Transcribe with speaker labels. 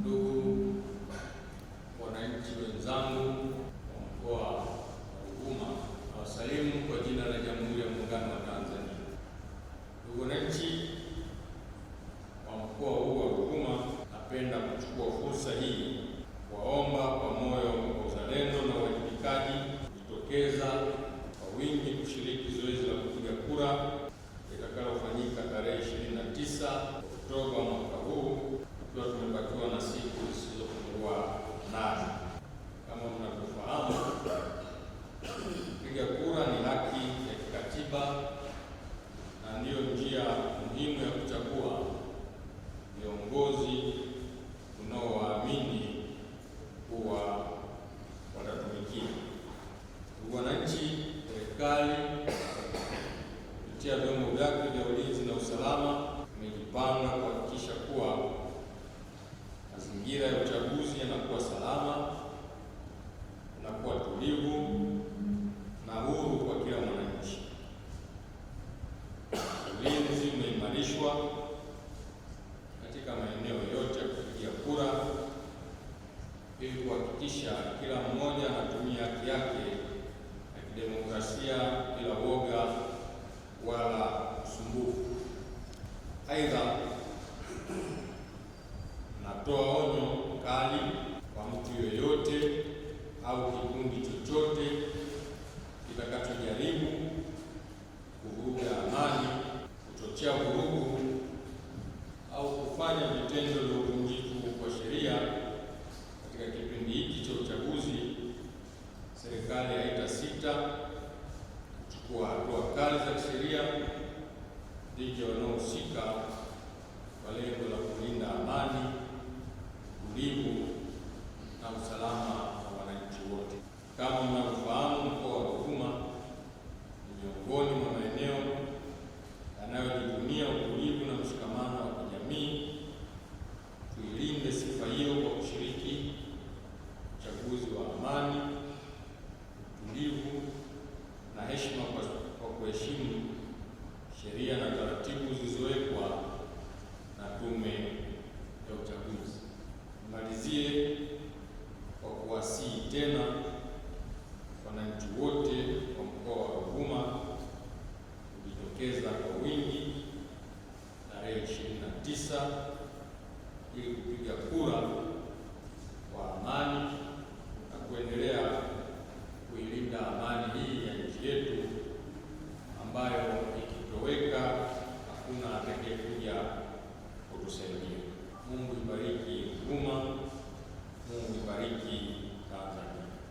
Speaker 1: ndugu wananchi wenzangu wa mkoa muhimu ya kuchagua viongozi tunaowaamini kuwa watatumikia. Ndugu wananchi, serikali kupitia vyombo vyake vya ulinzi na usalama imejipanga kuhakikisha kuwa mazingira ya uchaguzi yanakuwa salama kuandikishwa katika maeneo yote ya kupigia kura ili kuhakikisha kila mmoja anatumia haki yake ya kidemokrasia bila woga wala usumbufu. Aidha, natoa vitendo vya uvunjifu wa sheria katika kipindi hiki cha uchaguzi, serikali haitasita kuchukua hatua kali za kisheria dhidi ya amani, utulivu na heshima kwa kuheshimu sheria na taratibu zilizowekwa na Tume ya Uchaguzi. Nimalizie kwa kuwasihi tena wananchi wote wa mkoa wa Ruvuma kujitokeza kwa wingi tarehe 29 ili kupiga kura